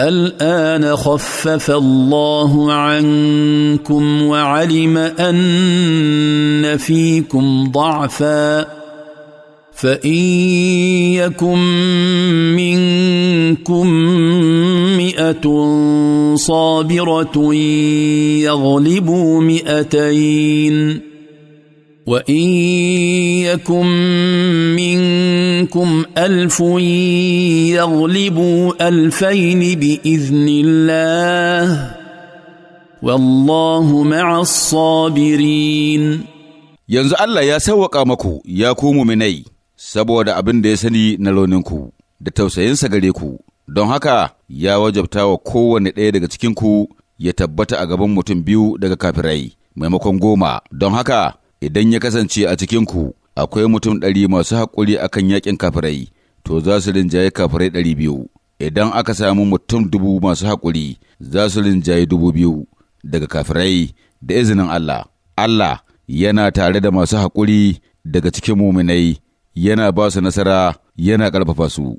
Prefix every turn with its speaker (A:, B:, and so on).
A: الان خفف الله عنكم وعلم ان فيكم ضعفا فان يكن منكم مئه صابره يغلبوا مئتين وان يكن منكم منكم الف يغلبوا الفين باذن الله والله
B: مع
C: الصابرين yanzu Allah ya sauwaƙa maku ya ku muminai saboda abin da ya sani na launinku da tausayinsa gare ku don haka ya wajabta wa kowane ɗaya daga cikinku ya tabbata a gaban mutum biyu daga kafirai maimakon goma don haka idan ya kasance a cikinku akwai mutum ɗari masu haƙuri akan yaƙin kafirai, to za su rinjaye kafirai ɗari biyu. Idan aka samu mutum dubu masu haƙuri, za su rinjaye dubu biyu daga kafirai da izinin Allah. Allah yana tare da masu haƙuri daga cikin muminai, yana ba su nasara, yana ƙarfafa su.